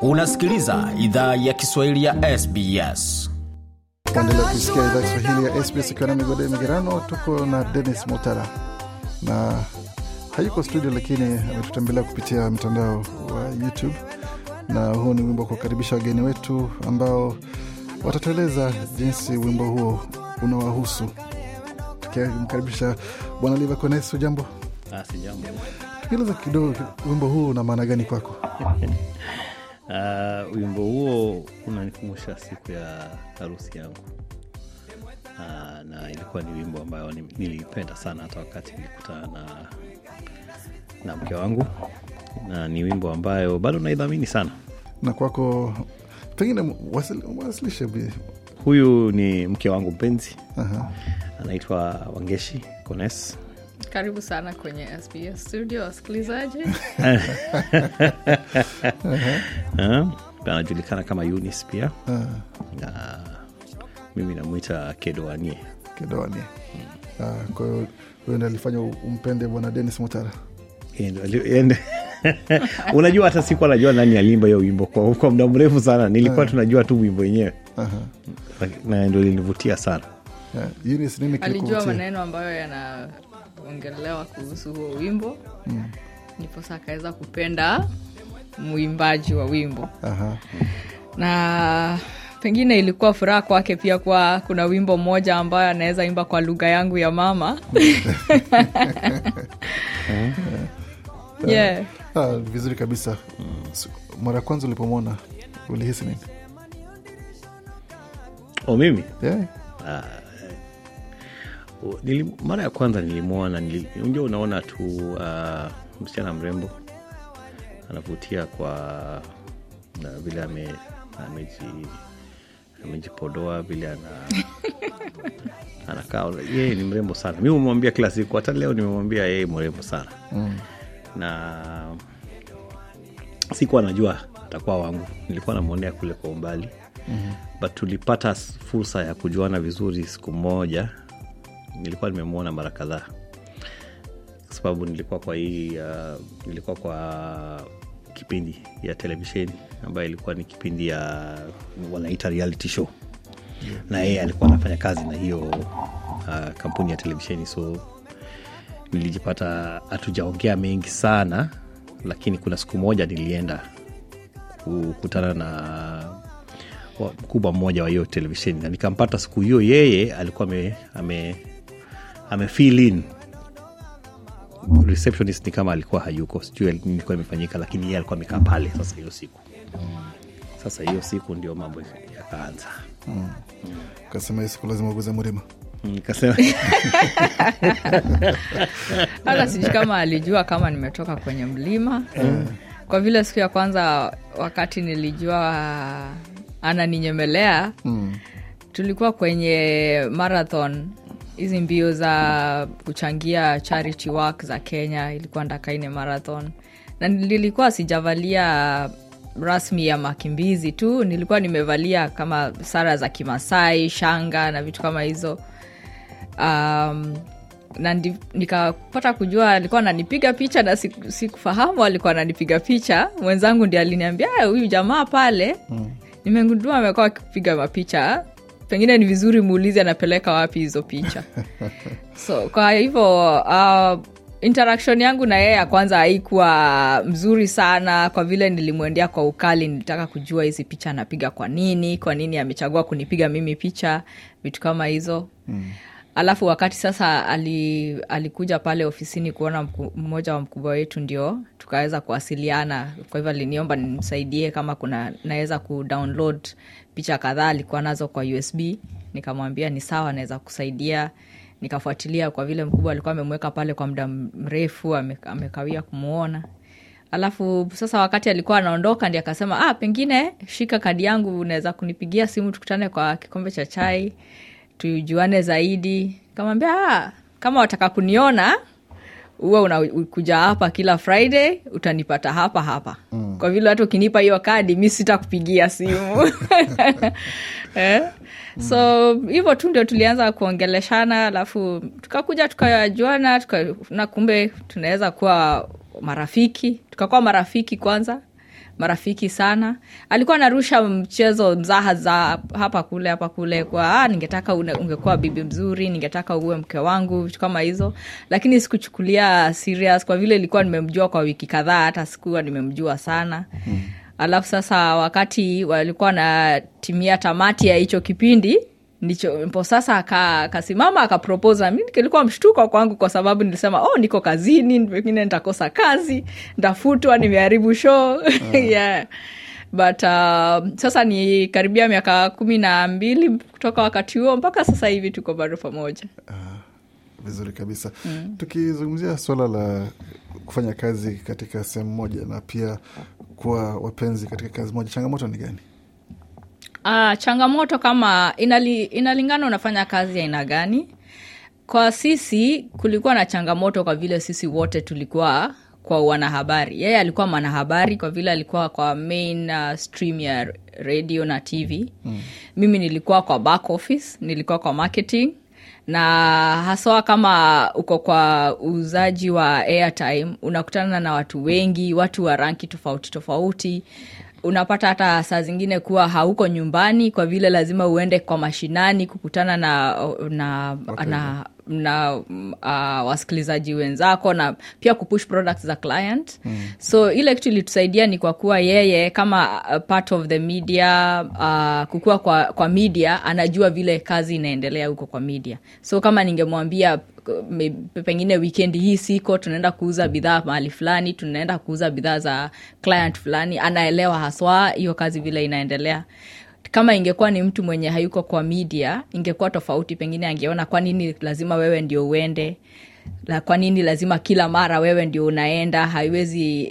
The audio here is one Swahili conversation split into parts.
unasikiliza idhaa ya kiswahili ya sbs kuendelea kusikia idhaa kiswahili ya sbs ikiwa na migode migerano tuko na denis motara na hayuko studio lakini ametutembelea kupitia mtandao wa youtube na huu ni wimbo wa kuwakaribisha wageni wetu ambao watatueleza jinsi wimbo huo unawahusu tukimkaribisha bwana liva konesu jambo tukieleza kidogo wimbo huu una maana gani kwako Uh, wimbo huo unanikumbusha siku ya harusi yangu. Uh, na ilikuwa ni wimbo ambayo nilipenda sana hata wakati nilikutana na, na mke wangu, na ni wimbo ambayo bado naidhamini sana. Na kwako pengine wasilishe. Huyu ni mke wangu mpenzi, anaitwa Wangeshi Kones karibu sana kwenye SBS studio, wasikilizaji. Uh-huh. Uh-huh. Uh, anajulikana kama unis pia uh-huh. na mimi namwita Kedoanie. Kedoanie, uh, kwa huyo ndi alifanya umpende Bwana Denis Mutara. Unajua, hata siku anajua nani alimba hiyo wimbo kwa, kwa muda mrefu sana. Nilikuwa tunajua tu wimbo wenyewe na ndo linivutia sana. Yeah, uh, Eunice, nini alijua maneno ambayo yana kuongelewa kuhusu huo wimbo mm. ndiposa akaweza kupenda mwimbaji wa wimbo Aha. na pengine ilikuwa furaha kwake pia kuwa kuna wimbo mmoja ambayo anaweza imba kwa lugha yangu ya mama mm. yeah. Ah, vizuri kabisa mm. mara ya kwanza ulipomwona ulihisi nini oh, mimi yeah. ah mara ya kwanza nilimwona unjua unaona tu uh, msichana mrembo anavutia kwa uh, vile ame, ameji amejipodoa vile ana anakaa yeye ni mrembo sana mi umemwambia kila siku hata leo nimemwambia yeye mrembo sana mm. na sikuwa najua atakuwa wangu nilikuwa namwonea kule kwa umbali mm-hmm. but tulipata fursa ya kujuana vizuri siku moja nilikuwa nimemwona mara kadhaa kwa sababu nilikuwa kwa hii uh, nilikuwa kwa kipindi ya televisheni ambayo ilikuwa ni kipindi ya wanaita reality show na yeye alikuwa anafanya kazi na hiyo uh, kampuni ya televisheni so nilijipata hatujaongea mengi sana lakini kuna siku moja nilienda kukutana na mkubwa mmoja wa hiyo televisheni na nikampata siku hiyo yeye alikuwa ame, ame amefill in receptionist ni kama alikuwa hayuko, sijui ilikuwa imefanyika, lakini yeye alikuwa amekaa pale. Sasa hiyo siku sasa hiyo siku ndio mambo yakaanza. Mm. hiyo siku lazima uguze mrima mm, hata sijui kama alijua kama nimetoka kwenye mlima mm. kwa vile siku ya kwanza wakati nilijua ananinyemelea mm. tulikuwa kwenye marathon hizi mbio za kuchangia charity work za Kenya, ilikuwa Ndakaine Marathon, na nilikuwa sijavalia rasmi ya makimbizi tu, nilikuwa nimevalia kama sara za Kimasai, shanga na vitu kama hizo um, na nikapata kujua alikuwa ananipiga picha na sikufahamu siku alikuwa ananipiga picha. Mwenzangu ndi aliniambia huyu jamaa pale mm. Nimegundua amekuwa akipiga mapicha pengine ni vizuri muulizi anapeleka wapi hizo picha so kwa hivyo uh, interaction yangu na yeye ya kwanza haikuwa mzuri sana kwa vile nilimwendea kwa ukali nilitaka kujua hizi picha anapiga kwa nini kwa nini amechagua kunipiga mimi picha vitu kama hizo mm alafu wakati sasa ali, alikuja pale ofisini kuona mmoja wa mkubwa wetu ndio tukaweza kuwasiliana kwa hivyo aliniomba nimsaidie kama kuna naweza ku picha kadhaa alikuwa nazo kwa usb nikamwambia ni sawa naweza kusaidia nikafuatilia kwa vile mkubwa alikuwa amemweka pale kwa muda mrefu amekawia kumwona alafu sasa wakati alikuwa anaondoka ndi akasema ah, pengine shika kadi yangu unaweza kunipigia simu tukutane kwa kikombe cha chai tujuane zaidi kamwambia ah, kama wataka kuniona huwa unakuja hapa kila Friday, utanipata hapa hapa mm. Kwa vile hata ukinipa hiyo kadi mi sitakupigia simu eh? mm. So hivyo tu ndio tulianza kuongeleshana, alafu tukakuja tukajuana tuka, na kumbe tunaweza kuwa marafiki, tukakuwa marafiki kwanza marafiki sana. Alikuwa anarusha mchezo mzaha za hapa kule hapa kule, kwa ah, ningetaka une, ungekuwa bibi mzuri, ningetaka uwe mke wangu, vitu kama hizo, lakini sikuchukulia serious kwa vile ilikuwa nimemjua kwa wiki kadhaa, hata sikuwa nimemjua sana mhm. Alafu sasa wakati walikuwa wanatimia tamati ya hicho kipindi ndicho mpo sasa akasimama akaproposa. Mi kilikuwa mshtuko kwangu kwa sababu nilisema oh, niko kazini, pengine nitakosa kazi, ntafutwa, nimeharibu show mm. yeah. But uh, sasa ni karibia miaka kumi na mbili kutoka wakati huo mpaka sasa hivi tuko bado pamoja. Uh, vizuri kabisa mm. Tukizungumzia suala la kufanya kazi katika sehemu moja na pia kuwa wapenzi katika kazi moja, changamoto ni gani? Uh, changamoto kama inali, inalingana unafanya kazi ya aina gani. Kwa sisi kulikuwa na changamoto kwa vile sisi wote tulikuwa kwa wanahabari. Yeye alikuwa mwanahabari kwa vile alikuwa kwa main uh, stream ya radio na TV. Mm. Mimi nilikuwa kwa back office, nilikuwa kwa marketing na haswa kama uko kwa uuzaji wa airtime unakutana na watu wengi, watu wa ranki tofauti tofauti unapata hata saa zingine kuwa hauko nyumbani kwa vile lazima uende kwa mashinani kukutana na na, okay. na na uh, wasikilizaji wenzako na pia kupush products za client mm. so ile kitu ilitusaidia ni kwa kuwa yeye kama uh, part of the media uh, kukuwa kwa, kwa media anajua vile kazi inaendelea huko kwa media so kama ningemwambia uh, pengine wikendi hii siko tunaenda kuuza bidhaa mahali fulani tunaenda kuuza bidhaa za client fulani anaelewa haswa hiyo kazi vile inaendelea kama ingekuwa ni mtu mwenye hayuko kwa media ingekuwa tofauti pengine angeona kwa nini lazima wewe ndio uende la kwa nini lazima kila mara wewe ndio unaenda haiwezi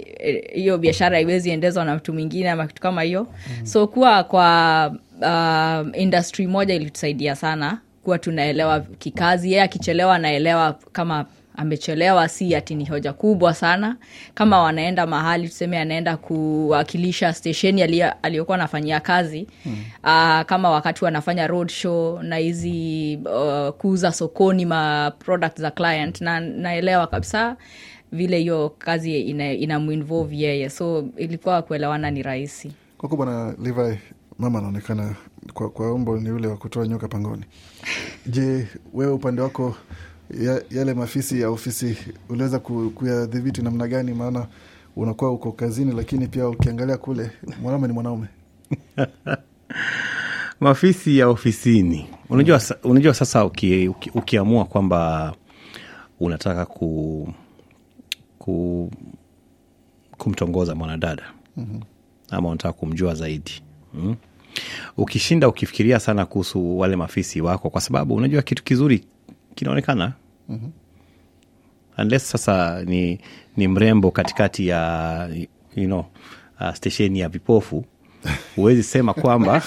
hiyo biashara haiwezi endezwa na mtu mwingine ama kitu kama hiyo mm-hmm. so kuwa kwa uh, industry moja ilitusaidia sana kuwa tunaelewa kikazi yeye akichelewa anaelewa kama amechelewa si ati ni hoja kubwa sana kama wanaenda mahali tuseme anaenda kuwakilisha stesheni aliyokuwa anafanyia kazi mm. uh, kama wakati wanafanya road na hizi uh, kuuza sokoni ma product za client na naelewa kabisa vile hiyo kazi inamuinvolve ina yeye so ilikuwa kuelewana ni rahisi kwako bwana levi mama anaonekana kwa, kwa umbo ni ule wa kutoa nyoka pangoni je wewe upande wako ya, yale mafisi ya ofisi uliweza kuyadhibiti namna gani? Maana unakuwa uko kazini, lakini pia ukiangalia kule mwanaume ni mwanaume mafisi ya ofisini unajua, unajua sasa uki, uki, ukiamua kwamba unataka ku, ku kumtongoza mwanadada mm -hmm. ama unataka kumjua zaidi mm? Ukishinda ukifikiria sana kuhusu wale mafisi wako, kwa sababu unajua kitu kizuri kinaonekana mm-hmm. unless sasa ni, ni mrembo katikati ya you know, uh, stesheni ya vipofu huwezi sema kwamba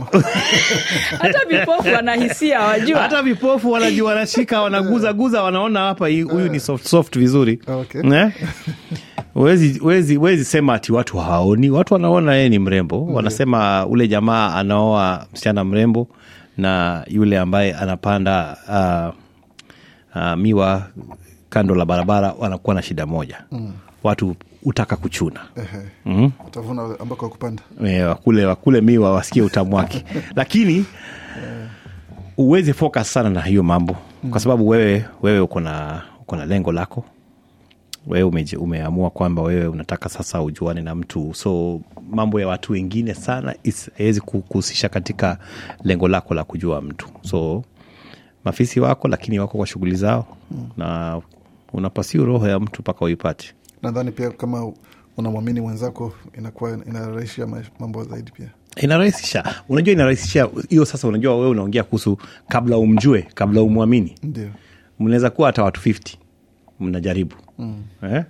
hata vipofu wanahisia wajua hata vipofu wanajua wanashika wanaguzaguza wanaona hapa huyu ni soft, soft vizuri okay. Eh? wezi, sema ati watu hawaoni watu wanaona yeye ni mrembo okay. Mm-hmm. wanasema ule jamaa anaoa msichana mrembo na yule ambaye anapanda uh, uh, miwa kando la barabara wanakuwa na shida moja mm. watu utaka kuchuna mm e, wakule, wakule miwa wasikie utamu wake lakini uweze focus sana na hiyo mambo mm. kwa sababu wewe wewe uko na lengo lako wewe ume, umeamua kwamba wewe unataka sasa ujuane na mtu so mambo ya watu wengine sana haiwezi kuhusisha katika lengo lako la kujua mtu so mafisi wako lakini wako kwa shughuli zao mm. na unapasiu roho ya mtu mpaka uipate nadhani pia kama unamwamini mwenzako inakuwa inarahisisha mambo zaidi pia inarahisisha unajua inarahisisha hiyo sasa unajua wewe unaongea kuhusu kabla umjue kabla umwamini ndio mnaweza kuwa hata watu 50 mnajaribu mm. eh?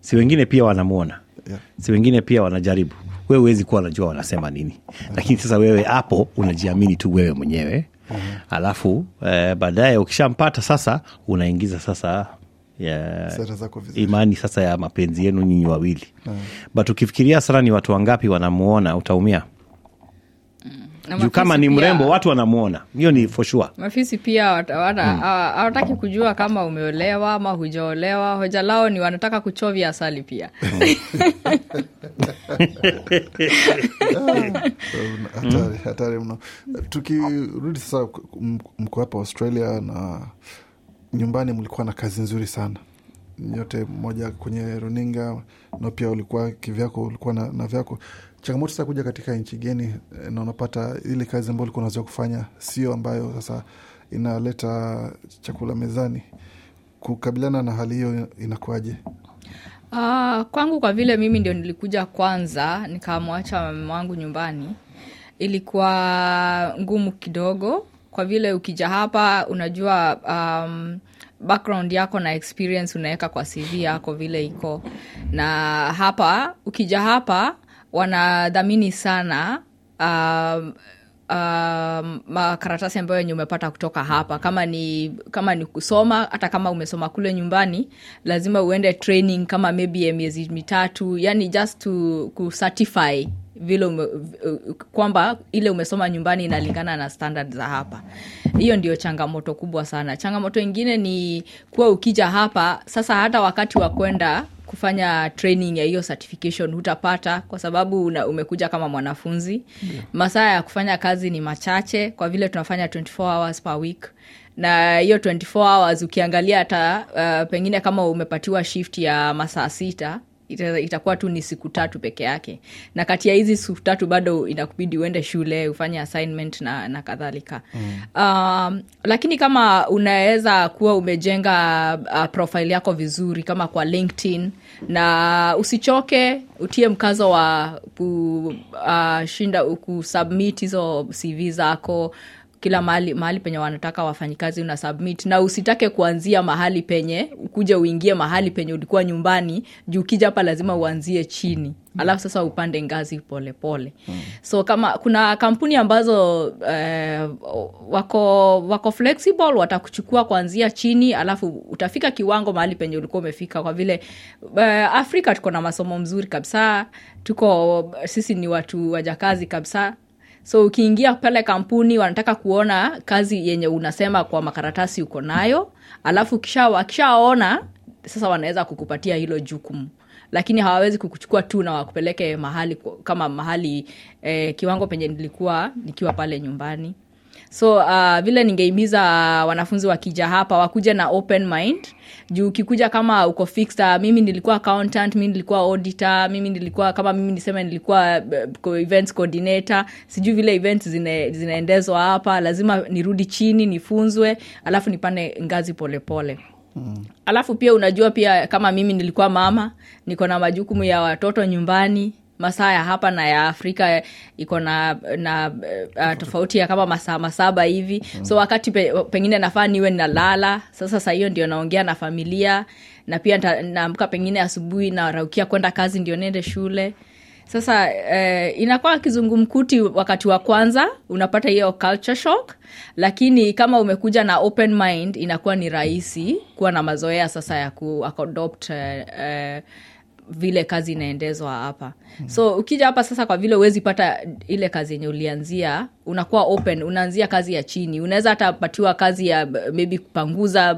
si wengine pia wanamwona yeah. si wengine pia wanajaribu wewe huwezi kuwa wanajua wanasema nini lakini sasa wewe hapo unajiamini tu wewe mwenyewe mm-hmm. alafu eh, baadaye ukishampata sasa unaingiza sasa Yeah, imani sasa ya mapenzi yenu nyinyi wawili mm. but ukifikiria sana ni watu wangapi wanamwona utaumia juu kama ni mrembo pia, watu wanamwona, hiyo ni for sure. Mafisi pia hmm. hawataki mm. kujua kama umeolewa ama hujaolewa. Hoja lao ni wanataka kuchovya asali pia ah, hatari, hatari mno. Tukirudi sasa, mko hapa Australia na nyumbani mlikuwa na kazi nzuri sana yote moja kwenye runinga na pia ulikuwa kivyako, ulikuwa na, na vyako. Changamoto sa kuja katika nchi geni eh, na unapata ile kazi ambayo ulikuwa unaweza kufanya sio ambayo sasa inaleta chakula mezani. Kukabiliana na hali hiyo inakuaje Uh, ah, kwangu kwa vile mimi ndio nilikuja kwanza nikamwacha mama wangu nyumbani, ilikuwa ngumu kidogo kwa vile ukija hapa unajua um, background yako na experience unaweka kwa cv yako vile iko na hapa ukija hapa wanadhamini sana um, Uh, makaratasi ambayo yenye umepata kutoka hapa kama ni kama ni kusoma hata kama umesoma kule nyumbani lazima uende training kama maybe ya miezi mitatu yani just to certify vile ume, kwamba ile umesoma nyumbani inalingana na standard za hapa hiyo ndio changamoto kubwa sana changamoto ingine ni kuwa ukija hapa sasa hata wakati wa kwenda kufanya training ya hiyo certification hutapata kwa sababu una, umekuja kama mwanafunzi yeah. masaa ya kufanya kazi ni machache kwa vile tunafanya 24 hours per week na hiyo 24 hours ukiangalia hata uh, pengine kama umepatiwa shift ya masaa sita itakuwa tu ni siku tatu peke yake na kati ya hizi siku tatu bado inakubidi uende shule ufanye assignment na, na kadhalika mm. um, lakini kama unaweza kuwa umejenga uh, profile yako vizuri kama kwa linkedin na usichoke utie mkazo wa kushinda uh, kusubmit hizo cv zako kila mahali, mahali penye wanataka wafanyikazi una submit na usitake kuanzia mahali penye kuja uingie mahali penye ulikuwa nyumbani juu ukija hapa lazima uanzie chini alafu sasa upande ngazi polepole pole. mm. so kama kuna kampuni ambazo eh, wako wako flexible watakuchukua kuanzia chini alafu utafika kiwango mahali penye ulikuwa umefika kwa vile eh, afrika tuko na masomo mzuri kabisa tuko sisi ni watu wajakazi kabisa so ukiingia pale kampuni wanataka kuona kazi yenye unasema kwa makaratasi uko nayo alafu akishaona sasa wanaweza kukupatia hilo jukumu lakini hawawezi kukuchukua tu na wakupeleke mahali kama mahali eh, kiwango penye nilikuwa nikiwa pale nyumbani so uh, vile ningeimiza uh, wanafunzi wakija hapa wakuja na open mind juu ukikuja kama uko fixed uh, mimi nilikuwa accountant mimi nilikuwa auditor mimi nilikuwa kama mimi niseme nilikuwa uh, events coordinator sijui vile events zine, zinaendezwa hapa lazima nirudi chini nifunzwe alafu nipande ngazi polepole pole. Hmm. alafu pia unajua pia kama mimi nilikuwa mama niko na majukumu ya watoto nyumbani masaa ya hapa na ya afrika iko na na uh, tofauti ya kama masaa masaba hivi mm. so wakati pe, pengine nafaa niwe nalala sasa sa hiyo ndio naongea na familia na pia naamka pengine asubuhi naraukia kwenda kazi ndio nende shule sasa eh, inakuwa kizungumkuti wakati wa kwanza unapata hiyo culture shock lakini kama umekuja na open mind inakuwa ni rahisi kuwa na mazoea sasa ya kuadopt eh, eh, vile kazi inaendezwa hapa mm-hmm. so ukija hapa sasa kwa vile uwezi pata ile kazi yenye ulianzia unakuwa open unaanzia kazi ya chini unaweza hata patiwa kazi ya maybe kupanguza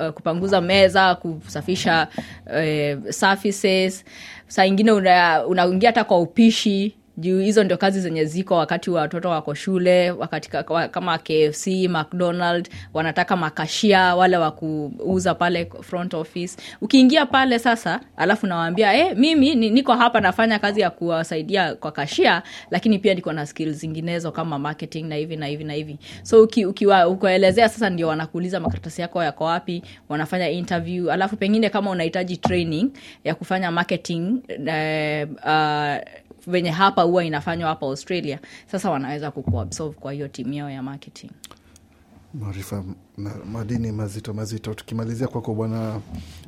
uh, kupanguza meza kusafisha eh, surfaces saa ingine unaingia una hata kwa upishi juu hizo ndio kazi zenye ziko wakati wa watoto wako shule wakati kama kfc mcdonald wanataka makashia wale wa kuuza pale front office ukiingia pale sasa alafu nawaambia e, eh, mimi niko hapa nafanya kazi ya kuwasaidia kwa kashia lakini pia niko na skill zinginezo kama marketing na hivi na hivi na hivi so uki, sasa ndio wanakuuliza makaratasi yako yako wapi wanafanya interview alafu pengine kama unahitaji training ya kufanya marketing eh, uh, venye hapa huwa inafanywa hapa australia sasa wanaweza kukuabsolve kwa hiyo timu yao ya marketing maarifa madini mazito mazito tukimalizia kwako bwana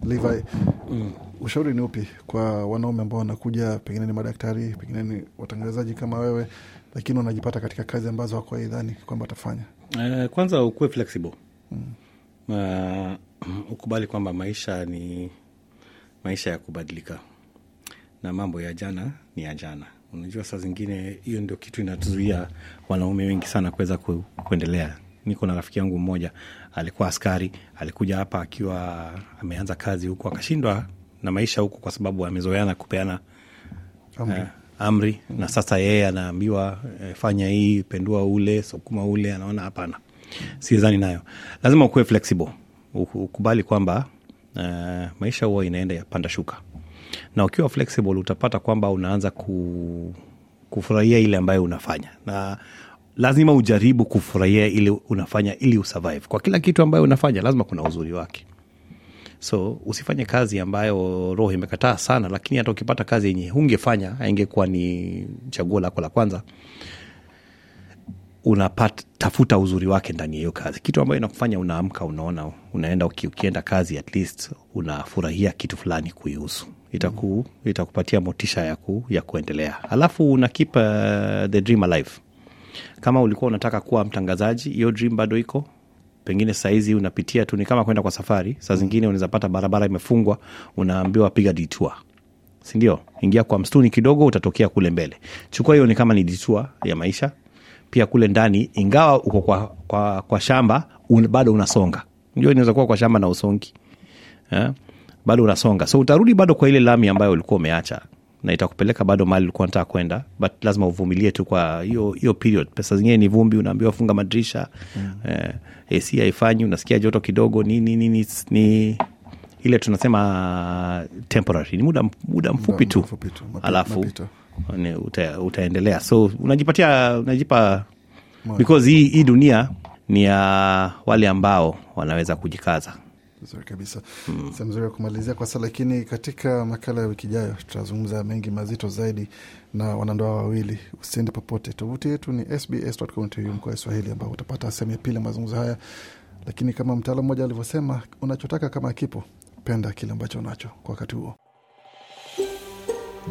levi mm. ushauri ni upi kwa wanaume ambao wanakuja pengine ni madaktari pengine ni watangazaji kama wewe lakini wanajipata katika kazi ambazo wako aidhani kwamba watafanya eh, kwanza ukuwe flexible mm. uh, ukubali kwamba maisha ni maisha ya kubadilika na mambo ya jana ni ya jana. Unajua, saa zingine hiyo ndio kitu inatuzuia wanaume wengi sana kuweza ku, kuendelea. Niko na rafiki yangu mmoja alikuwa askari, alikuja hapa akiwa ameanza kazi huku, akashindwa na maisha huku kwa sababu amezoeana kupeana amri, eh, amri. Mm. Na sasa yeye anaambiwa eh, fanya hii, pendua ule, sukuma ule, anaona hapana, siezani nayo. Lazima ukuwe flexible, ukubali kwamba uh, maisha huwa inaenda ya panda shuka na ukiwa flexible utapata kwamba unaanza ku, kufurahia ile ambayo unafanya na lazima ujaribu kufurahia ile unafanya ili usurvive kwa kila kitu ambayo unafanya lazima kuna uzuri wake so usifanye kazi ambayo roho imekataa sana lakini hata ukipata kazi yenye ungefanya aingekuwa ni chaguo lako la kwanza unatafuta uzuri wake ndani ya hiyo kazi kitu ambayo inakufanya unaamka unaona unaenda ukienda kazi at least unafurahia kitu fulani kuihusu itaku, itakupatia motisha ya, ku, ya kuendelea. Alafu una keep uh, the dream alive. Kama ulikuwa unataka kuwa mtangazaji, hiyo dream bado iko pengine sahizi unapitia tu, ni kama kwenda kwa safari. Saa zingine unawezapata barabara imefungwa, unaambiwa piga ditua, sindio? Ingia kwa mstuni kidogo, utatokea kule mbele. Chukua hiyo, ni kama ni ditua ya maisha. Pia kule ndani, ingawa uko kwa, kwa, kwa shamba un, bado unasonga. Ndio inaweza kuwa kwa shamba na usongi yeah? bado unasonga so utarudi bado kwa ile lami ambayo ulikuwa umeacha na itakupeleka bado mali ulikuwa nataka kwenda but lazima uvumilie tu kwa hiyo hiyo period pesa zingine ni vumbi unaambiwa funga madirisha mm. eh, ac haifanyi unasikia joto kidogo ni, ni, ni, ni ile tunasema uh, temporary ni muda, muda mfupi tu alafu uta, utaendelea so unajipatia unajipa Mwana. because hii, hii dunia ni ya wale ambao wanaweza kujikaza Vizuri kabisa mm. Sehemu nzuri ya kumalizia kwa sasa, lakini katika makala ya wiki ijayo tutazungumza mengi mazito zaidi na wanandoa wawili. Usiende popote, tovuti yetu ni sbs.com.au Swahili, ambao utapata sehemu ya pili ya mazungumzo haya. Lakini kama mtaalamu mmoja alivyosema, unachotaka kama kipo, penda kile ambacho unacho kwa wakati huo.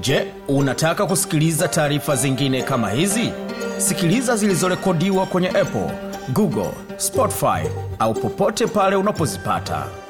Je, unataka kusikiliza taarifa zingine kama hizi? Sikiliza zilizorekodiwa kwenye Apple, Google, Spotify au popote pale unapozipata.